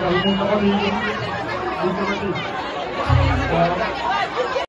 a waaw